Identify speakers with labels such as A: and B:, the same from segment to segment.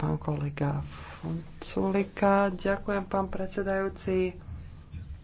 A: pán kolega Fonculika. Ďakujem, pán predsedajúci.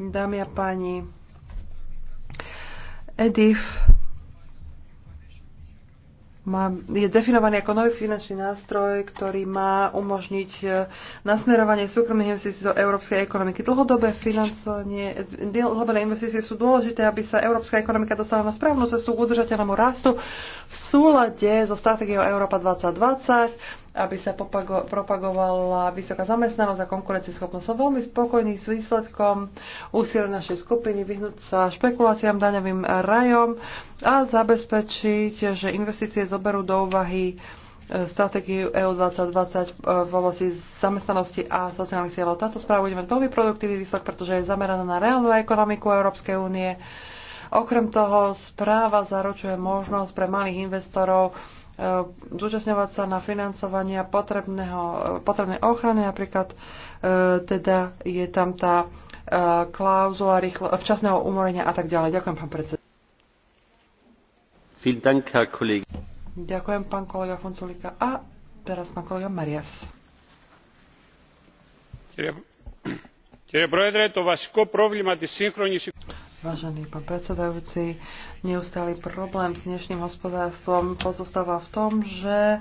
A: Dámy a páni, EDIF má, je definovaný ako nový finančný nástroj, ktorý má umožniť e, nasmerovanie súkromných investícií do európskej ekonomiky. Dlhodobé financovanie, dlhodobé investície sú dôležité, aby sa európska ekonomika dostala na správnu cestu k udržateľnému rastu v súlade so stratégiou Európa 2020 aby sa popago- propagovala vysoká zamestnanosť a konkurencieschopnosť. Som veľmi spokojný s výsledkom úsilia našej skupiny vyhnúť sa špekuláciám daňovým rajom a zabezpečiť, že investície zoberú do úvahy e, stratégiu EU 2020 e, v oblasti zamestnanosti a sociálnych cieľov. Táto správa bude mať veľmi produktívny výsledok, pretože je zameraná na reálnu ekonomiku Európskej únie. Okrem toho správa zaručuje možnosť pre malých investorov E, zúčastňovať sa na financovania potrebného, e, potrebnej ochrany. Napríklad e, teda je tam tá klauzula rýchlo, včasného umorenia a tak ďalej. Ďakujem, pán predseda. Ďakujem, pán kolega Fonculika. A teraz pán kolega Marias. Ďakujem. Κύριε
B: Πρόεδρε, το βασικό πρόβλημα της σύγχρονης
A: Vážený pán predsedajúci, neustály problém s dnešným hospodárstvom pozostáva v tom, že e,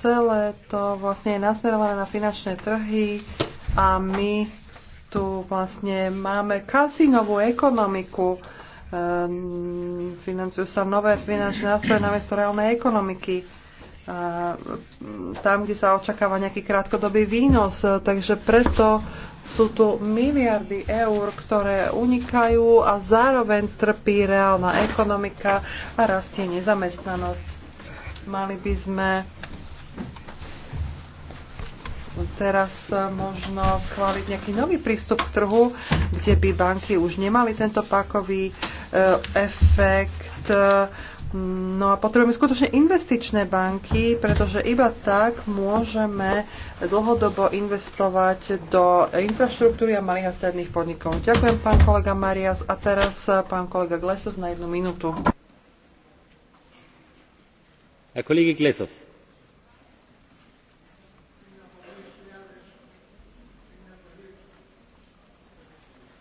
A: celé to vlastne je nasmerované na finančné trhy a my tu vlastne máme kasinovú ekonomiku. E, financujú sa nové finančné nástroje na miesto reálnej ekonomiky. E, tam, kde sa očakáva nejaký krátkodobý výnos. Takže preto sú tu miliardy eur, ktoré unikajú a zároveň trpí reálna ekonomika a rastie nezamestnanosť. Mali by sme teraz možno schváliť nejaký nový prístup k trhu, kde by banky už nemali tento pákový e, efekt No a potrebujeme skutočne investičné banky, pretože iba tak môžeme dlhodobo investovať do infraštruktúry a malých a stredných podnikov. Ďakujem, pán kolega Marias. A teraz eh, pán kolega Glesos na jednu minútu. A kolega Glesos.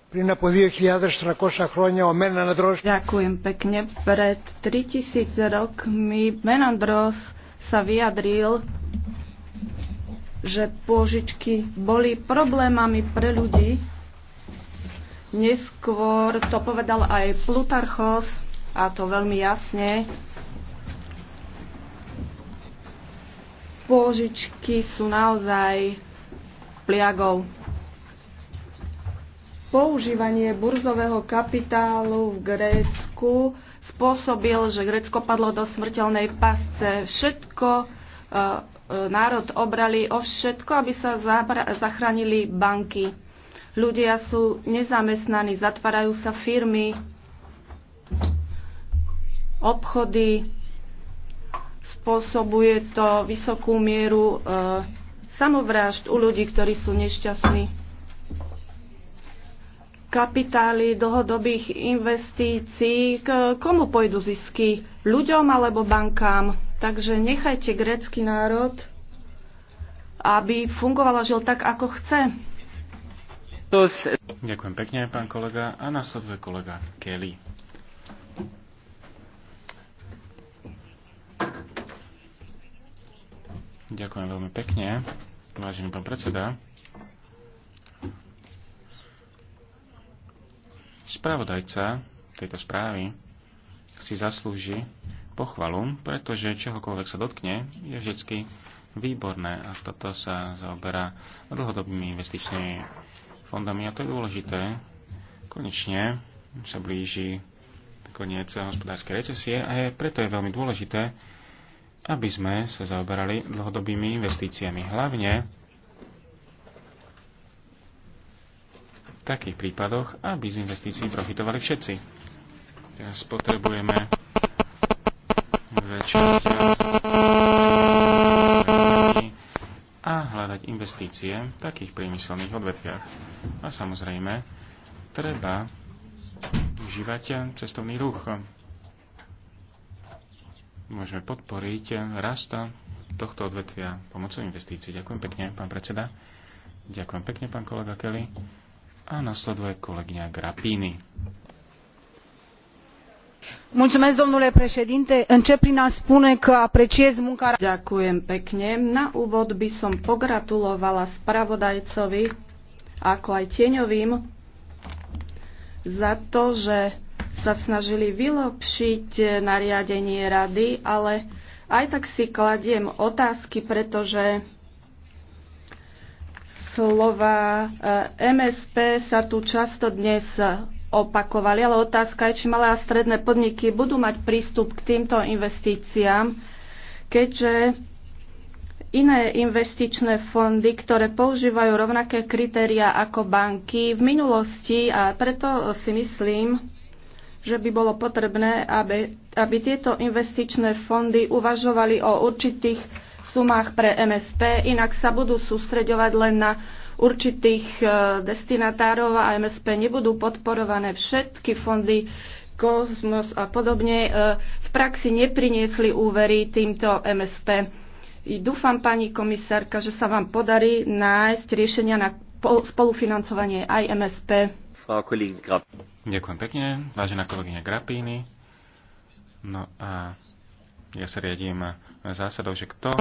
A: Ďakujem
C: pekne. Pred 3000 rokmi Menandros sa vyjadril, že pôžičky boli problémami pre ľudí. Neskôr to povedal aj Plutarchos, a to veľmi jasne. Pôžičky sú naozaj pliagou Používanie burzového kapitálu v Grécku spôsobil, že Grécko padlo do smrteľnej pasce. Všetko e, e národ obrali o všetko, aby sa zachránili banky. Ľudia sú nezamestnaní, zatvárajú sa firmy, obchody, spôsobuje to vysokú mieru e, samovrážd u ľudí, ktorí sú nešťastní kapitály dlhodobých investícií, k komu pôjdu zisky? Ľuďom alebo bankám? Takže nechajte grécky národ, aby fungovala žil tak, ako chce.
B: Ďakujem pekne, pán kolega. A nasleduje kolega Kelly. Ďakujem veľmi pekne, vážený pán predseda. Spravodajca tejto správy si zaslúži pochvalu, pretože čohokoľvek sa dotkne, je vždy výborné a toto sa zaoberá dlhodobými investičnými fondami a to je dôležité. Konečne sa blíži koniec hospodárskej recesie a je, preto je veľmi dôležité, aby sme sa zaoberali dlhodobými investíciami. Hlavne takých prípadoch, aby z investícií profitovali všetci. Teraz potrebujeme zväčšiť a hľadať investície v takých priemyselných odvetviach. A samozrejme, treba užívať cestovný ruch. Môžeme podporiť rast tohto odvetvia pomocou investícií. Ďakujem pekne, pán predseda. Ďakujem pekne, pán kolega Kelly a nasleduje kolegyňa Grapini.
C: Mulțumesc, domnule președinte. Încep prin a spune că apreciez munca... Ďakujem pekne. Na úvod by som pogratulovala spravodajcovi, ako aj tieňovým, za to, že sa snažili vylepšiť eh, nariadenie rady, ale aj tak si kladiem otázky, pretože slova eh, MSP sa tu často dnes opakovali, ale otázka je, či malé a stredné podniky budú mať prístup k týmto investíciám, keďže iné investičné fondy, ktoré používajú rovnaké kritéria ako banky v minulosti a preto si myslím, že by bolo potrebné, aby, aby tieto investičné fondy uvažovali o určitých sumách pre MSP, inak sa budú sústreďovať len na určitých e, destinatárov a MSP nebudú podporované všetky fondy Kozmos a podobne. E, v praxi nepriniesli úvery týmto MSP. Dúfam, pani komisárka, že sa vám podarí nájsť riešenia na spolufinancovanie aj MSP.
B: Ďakujem pekne, vážená kolegyňa Grapíny. No a ja sa riadím zásadou, že kto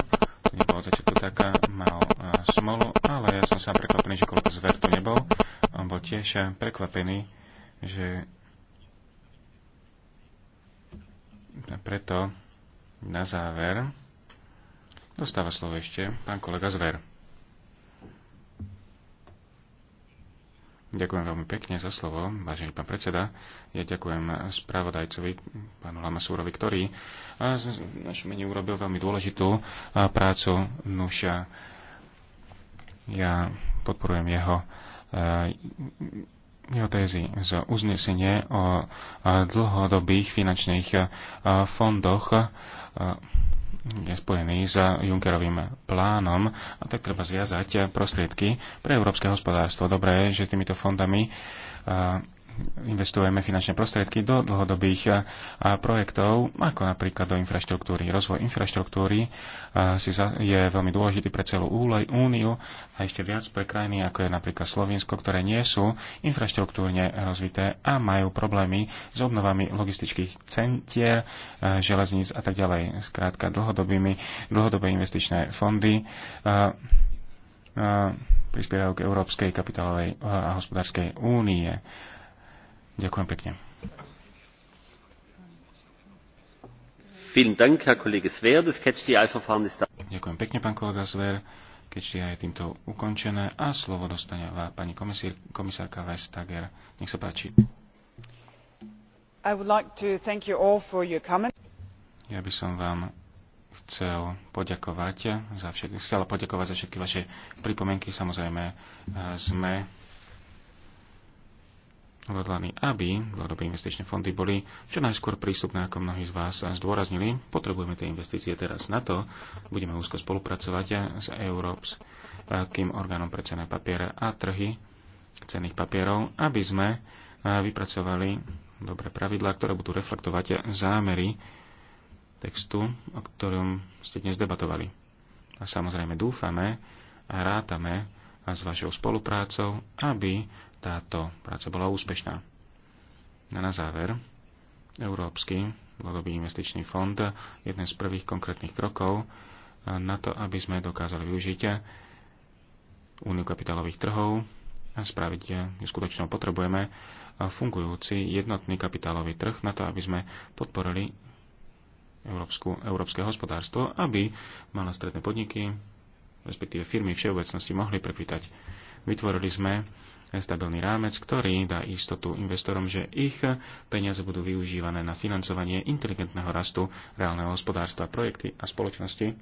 B: nebol začiatku taká, mal eh, smolu, ale ja som sám prekvapený, že koľko zver tu nebol. On bol tiež eh, prekvapený, že preto na záver dostáva slovo ešte pán kolega Zver. Ďakujem veľmi pekne za slovo, vážený pán predseda. Ja ďakujem spravodajcovi, pánu Lamasúrovi, ktorý z našom mene urobil veľmi dôležitú prácu Nuša. Ja podporujem jeho, jeho tézy z uznesenie o dlhodobých finančných fondoch je spojený s Junckerovým plánom a tak treba zviazať prostriedky pre európske hospodárstvo. Dobre, že týmito fondami investujeme finančné prostriedky do dlhodobých projektov, ako napríklad do infraštruktúry. Rozvoj infraštruktúry je veľmi dôležitý pre celú úniu a ešte viac pre krajiny, ako je napríklad Slovinsko, ktoré nie sú infraštruktúrne rozvité a majú problémy s obnovami logistických centier, železníc a tak ďalej. Skrátka dlhodobými, dlhodobé investičné fondy prispievajú k Európskej kapitálovej a hospodárskej únie. Ďakujem pekne. Ďakujem pekne, pán kolega Zver. Keďže je týmto ukončené a slovo dostane pani komisír, komisárka Vestager. Nech sa páči. Like ja by som vám chcel poďakovať za všetky, chcel poďakovať za všetky vaše pripomienky. Samozrejme, eh, sme odhodlaní, aby dlhodobé investičné fondy boli čo najskôr prístupné, ako mnohí z vás zdôraznili. Potrebujeme tie investície teraz na to. Budeme úzko spolupracovať s kým orgánom pre cené papiere a trhy cených papierov, aby sme eh, vypracovali dobré pravidlá, ktoré budú reflektovať zámery textu, o ktorom ste dnes debatovali. A samozrejme dúfame a rátame a s vašou spoluprácou, aby táto práca bola úspešná. A na záver, Európsky dlhodobý investičný fond jeden z prvých konkrétnych krokov na to, aby sme dokázali využiť úniu kapitálových trhov a spraviť že skutočne potrebujeme fungujúci jednotný kapitálový trh na to, aby sme podporili európsku, európske hospodárstvo, aby malé stredné podniky, respektíve firmy všeobecnosti mohli prekvitať. Vytvorili sme stabilný rámec, ktorý dá istotu investorom, že ich peniaze budú využívané na financovanie inteligentného rastu reálneho hospodárstva, projekty a spoločnosti,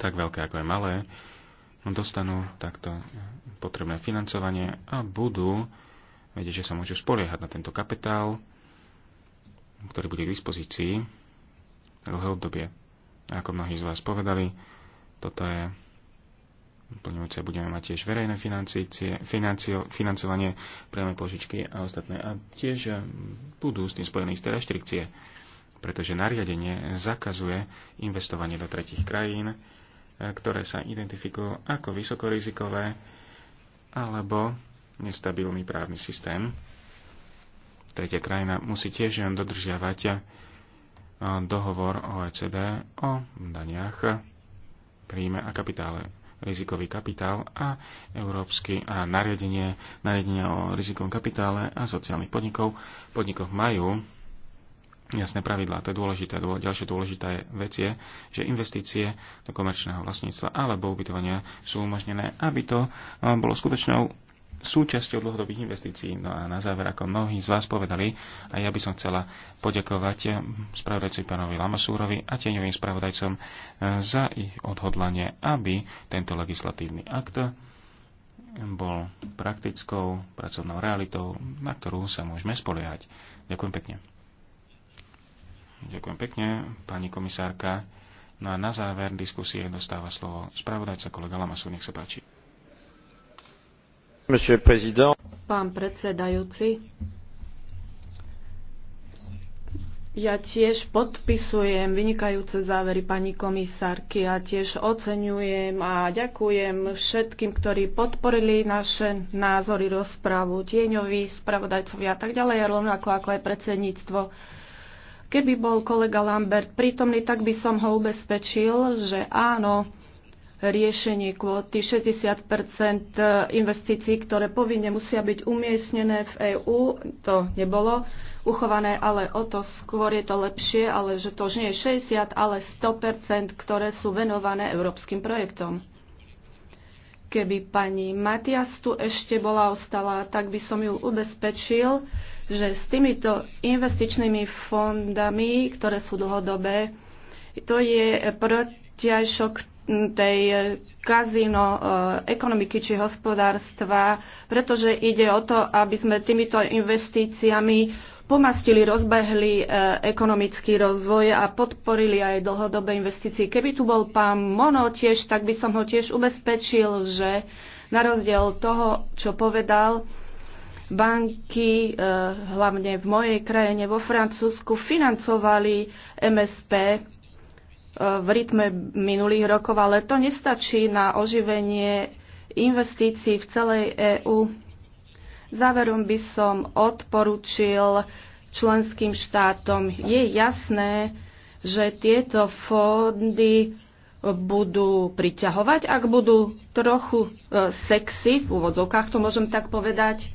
B: tak veľké ako aj malé, dostanú takto potrebné financovanie a budú vedieť, že sa môžu spoliehať na tento kapitál, ktorý bude k dispozícii dlhé obdobie. A ako mnohí z vás povedali, toto je plňujúce. Budeme mať tiež verejné financie, financie, financovanie, priame požičky a ostatné. A tiež eh, budú s tým spojené isté reštrikcie, pretože nariadenie zakazuje investovanie do tretich krajín, eh, ktoré sa identifikujú ako vysokorizikové alebo nestabilný právny systém. Tretia krajina musí tiež dodržiavať eh, dohovor OECD o daniach príjme a kapitále rizikový kapitál a európsky a nariadenie, nariadenie o rizikovom kapitále a sociálnych podnikov. Podnikov majú jasné pravidlá, to je dôležité. Ďalšia dôležitá je, vec je, že investície do komerčného vlastníctva alebo ubytovania sú umožnené, aby to bolo skutočnou súčasťou dlhodobých investícií. No a na záver, ako mnohí z vás povedali, a ja by som chcela poďakovať spravodajcovi pánovi Lamasúrovi a tieňovým spravodajcom eh, za ich odhodlanie, aby tento legislatívny akt bol praktickou pracovnou realitou, na ktorú sa môžeme spoliehať. Ďakujem pekne. Ďakujem pekne, pani komisárka. No a na záver diskusie dostáva slovo spravodajca kolega Lamasú, nech sa páči.
C: Pán predsedajúci, ja tiež podpisujem vynikajúce závery pani komisárky a tiež oceňujem a ďakujem všetkým, ktorí podporili naše názory, rozprávu, tieňoví, spravodajcovi a tak ďalej, rovnako ako aj predsedníctvo. Keby bol kolega Lambert prítomný, tak by som ho ubezpečil, že áno, riešenie kvóty 60 e, investícií, ktoré povinne musia byť umiestnené v EÚ. To nebolo uchované, ale o to skôr je to lepšie, ale že to už nie je 60, ale 100 ktoré sú venované európskym projektom. Keby pani Matias tu ešte bola ostala, tak by som ju ubezpečil, že s týmito investičnými fondami, ktoré sú dlhodobé, to je protiažok tej e, kazíno e, ekonomiky či hospodárstva, pretože ide o to, aby sme týmito investíciami pomastili, rozbehli e, ekonomický rozvoj a podporili aj dlhodobé investície. Keby tu bol pán Mono tiež, tak by som ho tiež ubezpečil, že na rozdiel toho, čo povedal, banky, hlavne v mojej krajine, vo Francúzsku, financovali MSP v rytme minulých rokov, ale to nestačí na oživenie investícií v celej EÚ. Záverom by som odporúčil členským štátom. Je jasné, že tieto fondy budú priťahovať, ak budú trochu e, sexy, v úvodzovkách to môžem tak povedať,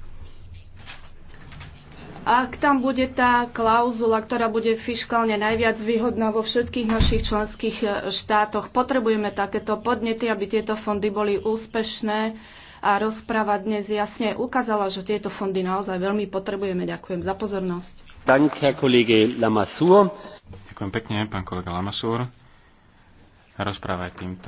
C: ak tam bude tá klauzula, ktorá bude fiskálne najviac výhodná vo všetkých našich členských e, štátoch. Potrebujeme takéto podnety, aby tieto fondy boli úspešné a rozpráva dnes jasne ukázala, že tieto fondy naozaj veľmi potrebujeme. Ďakujem za pozornosť.
A: Ďakujem
B: pekne, pán kolega Lamasur. Rozpráva aj týmto.